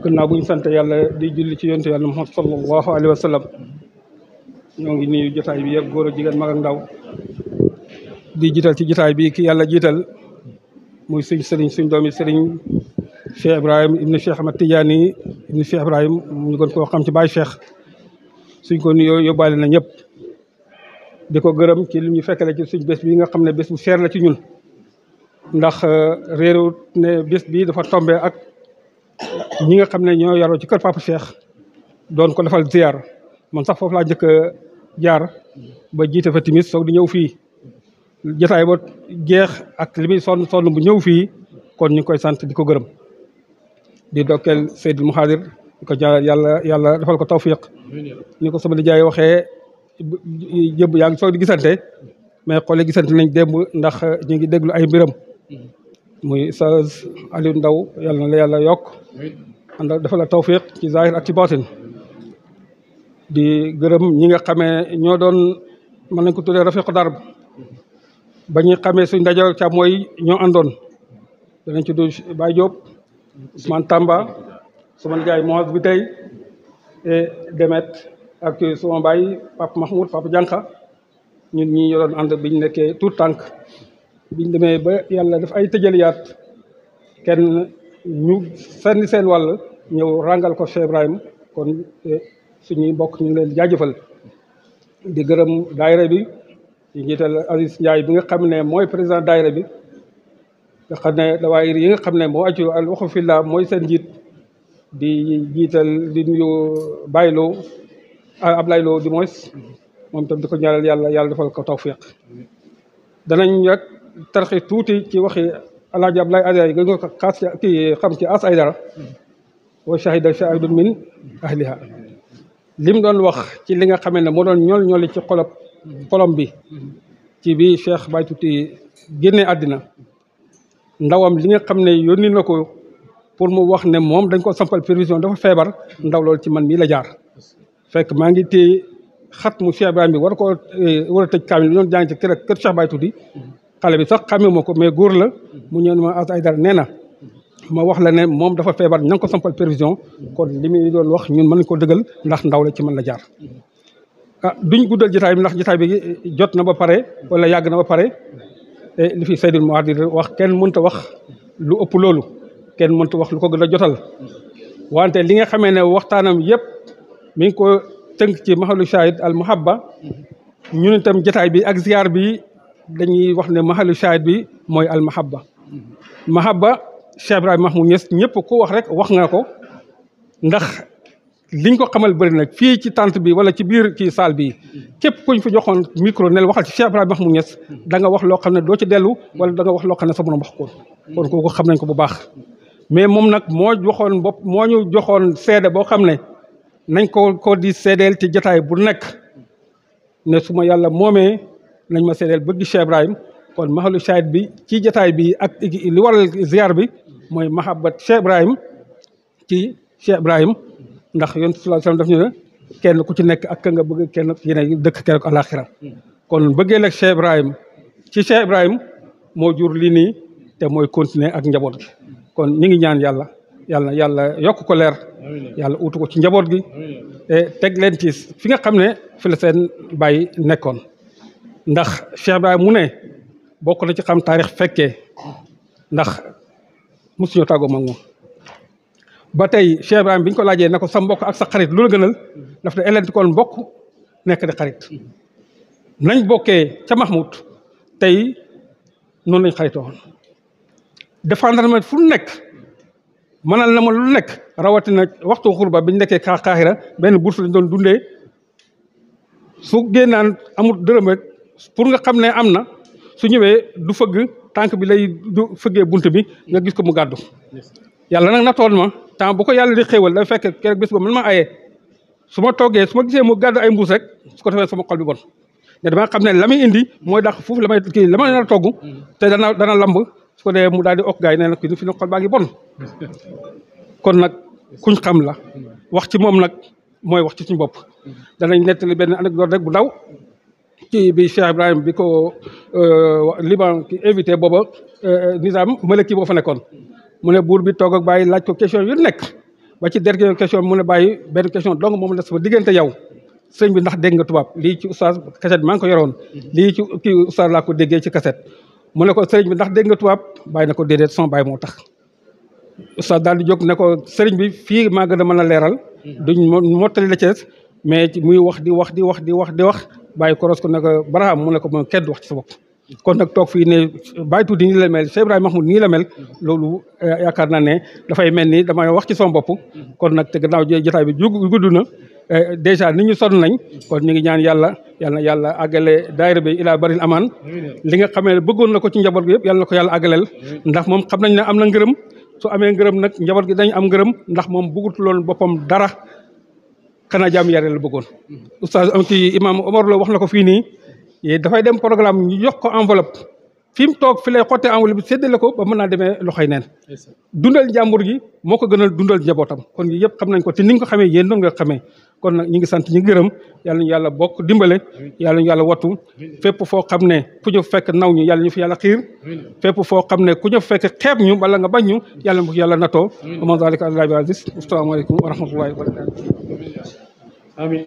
kën naa bu ñu sant yàlla di julli ci yonte yàlla Muhammad sallallahu alayhi wa sallam ñoo ngi nuyu jotaay bi yëpp góor ak jigéen ndaw di jiital ci jotaay bi ki yàlla jiital muy suñ sëriñ suñ doomi sëriñ Cheikh Ibrahim ibni Cheikh Ahmad Tidiane ibni Cheikh Ibrahim ñu gën koo xam ci Baye Cheikh suñ ko nuyoo yóbbaale na ñëpp di ko gërëm ci li ñu fekkee fekkale ci suñ bés bi nga xam ne bés bu seer la ci ñun ndax euh, réeru ne bis bi dafa tombe ak ñi nga xam ne ñoo yaroo ci kër Papa Cheikh doon ko defal ziar moom sax foofu laa njëkk a jaar ba jiite fa timis soog di ñëw fii jotaay ba jeex ak li muy sonn sonn bu ñëw fii kon ñu ngi koy sant di ko gërëm di dokkeel Seydil Mouhadir di ko jaar yàlla yàlla defal ko tawfiq ni ko sama nijaay waxee jëb yaa ngi soog di gisante mais xoole gisante nañ démb ndax ñu ngi déglu ay mbiram muy Oustaz Aliou Ndao yàlla na la yàlla yokk ànd dafa la tawfiq ci zahir ak ci batin di gërëm ñi nga xamee ñoo doon ma nañ ko tuddee rafiqu darb ba ñu xamee suñ ndaje ca mooy ñoo àndoon danañ ci du Baye Diop Ousmane Tamba suma jaay Mohamed bi tey Demet ak suma baay Papa Mahmoud Papa Janka ñun ñi yoroon ànd biñ nekkee tout tànk biñ demee ba yàlla def ay tëjaliyaat kenn ñu sànni seen wal ñëw rangal ko Cheikh Ibrahim kon eh, suñuy mbokk ñu leen jaajëfal di gërëm daayira bi ci njiital Aziz Ndiaye bi nga xam ne mooy président daayira bi nga xam ne dawaayir yi nga xam ne moo aju al waxu fi mooy seen jiit di jiital di nuyu bàyyiloo ah, Ablaye Lo di mois moom tam di ko ñaanal yàlla yàlla defal ko tawfiq danañ rek tarxi tuuti ci waxi alaaji Ablaye Aydara yi gën ko xaas ci kii xam ci as Aydara wa shahida shahidun min ahliha lim doon wax ci li nga xamee ne moo doon ñool ñooli ci xolob xolom bi ci bi Cheikh Baye Tuuti génne àddina ndawam li nga xam ne yónni na ko pour mu wax ne moom dañ ko sampal prévision dafa feebar ndaw loolu ci man mii la jaar fekk maa ngi téye xat mu Cheikh bi war koo eh, war a tëj kaamil bi doon jàng ci kër kër Cheikh Baye Tuuti xale bi sax xamee ma ko mais góor la mu ñëw ma ay dara nee na ma wax la ne moom dafa feebar ña nga ko sampal prévision kon li muy doon wax ñun mën ko dëggal ndax ndaw la ci mën la jaar. a ah, duñ guddal jotaay bi ndax jotaay bi jot na ba pare wala yàgg na ba pare li fi Seydil Mouhadir wax kenn mënta wax lu ëpp loolu kenn mënta wax lu ko gën a jotal wante li nga xamee ne waxtaanam yëpp mi ngi ko tënk ci maxalu shahid al muhabba ñun itam jotaay bi ak bi dañuy wax ne mahalu shahid bi moy al mahabba mahabba Cheikh ibrahim Mahmoud ñes ñep ku wax rek wax nga ko ndax liñ ko xamal bari nak fi ci tante bi wala ci biir ci salle bi kep kuñ fi joxon micro nel waxal ci Cheikh ibrahim Mahmoud ñes da nga wax lo xamne do ci delu wala da nga wax lo xamne sa borom wax ko kon kooku xam nañ ko bu baax mais mom nak mo joxon bop mo ñu joxon sédé bo xamne nañ ko ko di sédel ci jotaay bu nek ne suma yàlla momé nañ ma seedeel bëgg Cheikh Ibrahim kon mahalu shahid bi ci jataay bi ak li waral ziar bi mooy mahabbat Cheikh Ibrahim ci Cheikh Ibrahim ndax yoon sallallahu alayhi wasallam daf ñu ne kenn ku ci nekk ak ka nga bëgg kenn yéen dëkk keroog kon bëggee nag Cheikh Ibrahim ci Cheikh Ibrahim moo jur lii nii te mooy continuer ak njaboot gi kon ñu ngi ñaan yàlla yàlla yàlla yokk ko leer yàlla uutu ko ci njaboot gi teg leen ci fi nga xam ne fi seen bay nekkoon ndax Cheikh Ibrahima mu ne bokk na ci xam taarix fekkee ndax mosuñoo tàggoo mag moom ba tey Cheikh Ibrahima bi ñu ko laajee ne ko sa mbokk ak sa xarit lu la gënal daf ne elent kon mbokk nekk di xarit nañ bokkee ca Mahmoud tey noonu lañ xaritoo woon défendre ma fu nekk mënal na ma lu nekk rawatina waxtu xurba biñ ñu nekkee Kaahira benn bourse lañ doon dundee su génnaan amul dërëm rek pour nga xam ne am na su ñëwee du fëgg tànk bi lay du fëggee bunt bi nga gis ko mu gàddu yàlla nag nattoon ma temps bu ko yàlla di xéewal da fekk keroog bés ba man ma ayee su ma toogee su ma gisee mu gàddu ay mbuus rek su ko defee sama xol bi bon ne xam ne la muy indi mooy dàq foofu la may la ma nar togg te dana dana lamb su ko mu daal di ok gaay yi nee na kii fi na xol baa ngi bon kon nag kuñ xam la wax ci moom nag mooy wax ci suñu bopp danañ nettali benn anecdote rek bu ndaw ci bi Cheikh Ibrahima bi ko euh, Liban ki invité booba euh, Nizam Maliki boo fa nekkoon mu ne buur bi toog ak bàyyi laaj ko question yu nekk ba ci dernière question mu ne bàyyi benn question donc moom la sama diggante yow sëñ bi ndax dégg nga tubaab lii ci oustaz keset maa ngi ko yoroon lii ci kii oustaz laa ko déggee ci kaset mu ne ko sëriñ bi ndax dégg nga tubaab bàyyi na ko déedéet son bàyyi moo tax oustaz daal di jóg ne ko sëriñ bi fii maa gën a mën a leeral hmm. duñ mottali la Cees mais muy wax di wax di wax di wax di wax bàyyi koros ko ne ko Barham ko moom kenn wax ci sa bopp kon nag toog fii ne bàyyi tuuti nii la mel Cheikh Ibrahima Mahmoud nii la mel loolu eh, yaakaar naa ne dafay mel ni damay wax ci sama bopp kon nag te gannaaw jotaay bi jug gudd na eh, dèjà nit ñu sonn nañ kon ñu ngi ñaan yàlla yal na yàlla àggale daayira bi ilaa baril amaan li nga xamee ne bëggoon na ko ci njaboot gi yëpp yàlla na ko yàlla àggaleel ndax moom xam nañ ne am na ngërëm su amee ngërëm nag njaboot gi dañ am ngërëm ndax moom bëggutu lool boppam dara xanaa jaamu yàlla la bëggoon. oustaz am kii imam wax na ko fii nii dafay dem programme ñu jox ko enveloppe fi mu toog fi lay xottee enveloppe bi séddale ko ba mën naa demee loxoy neen. dundal njàmbur gi moo ko gënal dundal njabootam kon yëpp xam nañ ko te ni nga ko xamee yéen noonu nga xamee. kon nag ñu ngi sant ñu gërëm yàlla ñu yàlla bokk dimbale yàlla ñu yàlla wattu fépp foo xam ne ku ñu fekk naw ñu yàlla ñu fi yàlla xiir fépp foo xam ne ku ñu fekk xeeb ñu wala nga bañ ñu yàlla mu yàlla natoo aman zalika allah bi aziz asalaamaaleykum wa I mean,